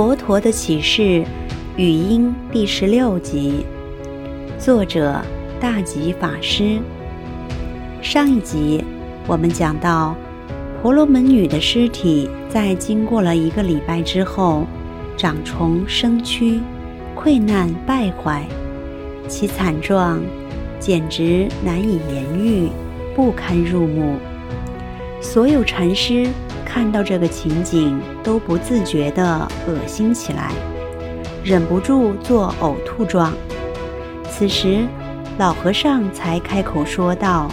佛陀的啟示語音第十六集，作者大寂法師。上一集我們講到婆羅門女的屍體，在經過了一個禮拜之後，長蟲生蛆，潰爛敗壞，其慘狀簡直難以言喻，不堪入目。所有禪師，看到這個情景，都不自覺地惡心起來，忍不住做嘔吐狀。此時，老和尚才開口說道：“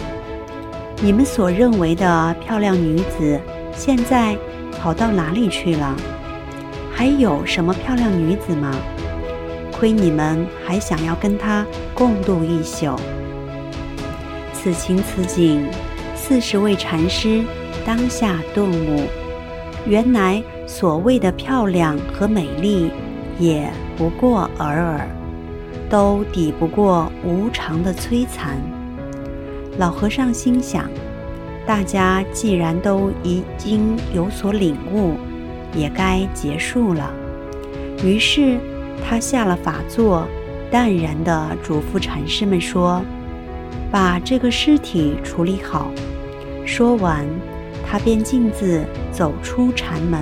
你們所認為的漂亮女子，現在跑到哪裡去了？還有什麼漂亮女子嗎？虧你們還想要跟她共度一宿！”此情此景，四十位禪師。當下頓悟，原來所謂的漂亮和美麗，也不過爾爾，都抵不過無常的摧殘。老和尚心想：大家既然都已經有所領悟，也該結束了。於是他下了法座，淡然地囑咐禪師們說：“把這個屍體處理好。”說完。他便徑自走出禪門，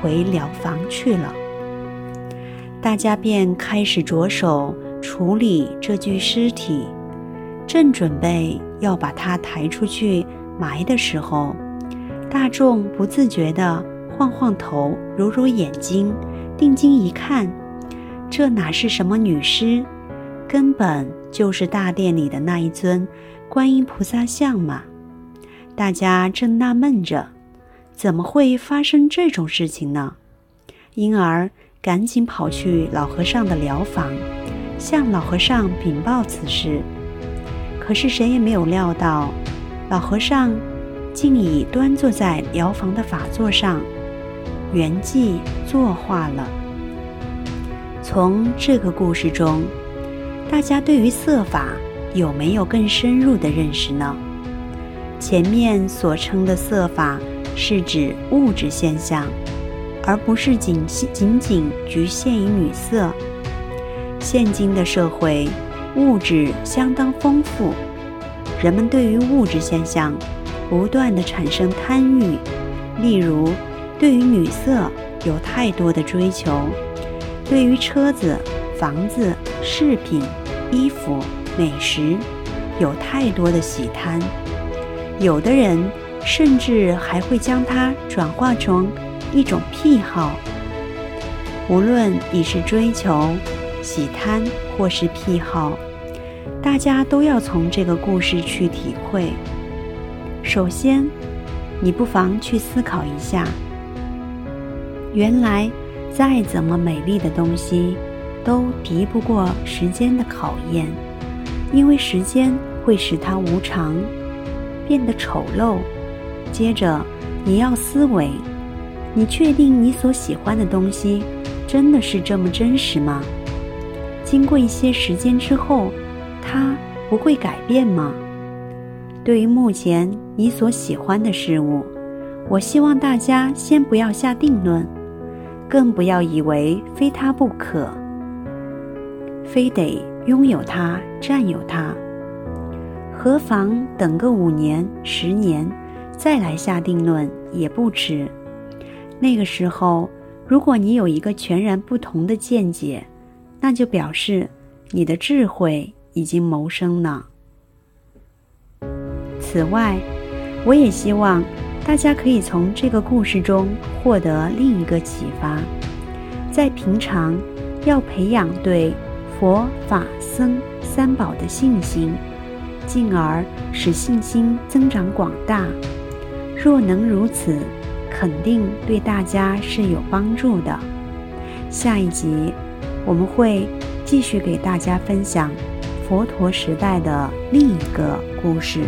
回了房去了。大家便開始着手處理這具屍體，正準備要把它抬出去埋的時候，大眾不自覺地晃晃頭，揉揉眼睛，定睛一看，這哪是什麼女屍，根本就是大殿裡的那一尊觀音菩薩像嘛！大家正納悶着，怎麼會發生這種事情呢？因而趕緊跑去老和尚的寮房，向老和尚稟報此事。可是誰也沒有料到，老和尚竟已端坐在寮房的法座上，圓寂坐化了。從這個故事中，大家對於色法有沒有更深入的認識呢？前面所稱的色法，是指物質現象，而不是僅僅僅局限於女色。現今的社會，物質相當豐富，人們對於物質現象不斷地產生貪欲，例如對於女色有太多的追求，對於車子、房子、飾品、衣服、美食，有太多的喜貪。有的人甚至還會將它轉化成一種癖好。無論你是追求、喜貪或是癖好，大家都要從這個故事去體會。首先，你不妨去思考一下：原來，再怎麼美麗的東西，都敵不過時間的考驗，因為時間會使它無常。變得醜陋。接着，你要思維：你確定你所喜歡的東西真的是這麼真實嗎？經過一些時間之後，它不會改變嗎？對於目前你所喜歡的事物，我希望大家先不要下定論，更不要以為非它不可，非得擁有它、占有它。何妨等個五年、十年，再來下定論也不遲。那個時候，如果你有一個全然不同的見解，那就表示你的智慧已經謀生了。此外，我也希望大家可以從這個故事中獲得另一個啟發：在平常要培養對佛法僧三寶的信心。進而使信心增長廣大，若能如此，肯定對大家是有幫助的。下一集我們會繼續給大家分享佛陀時代的另一個故事。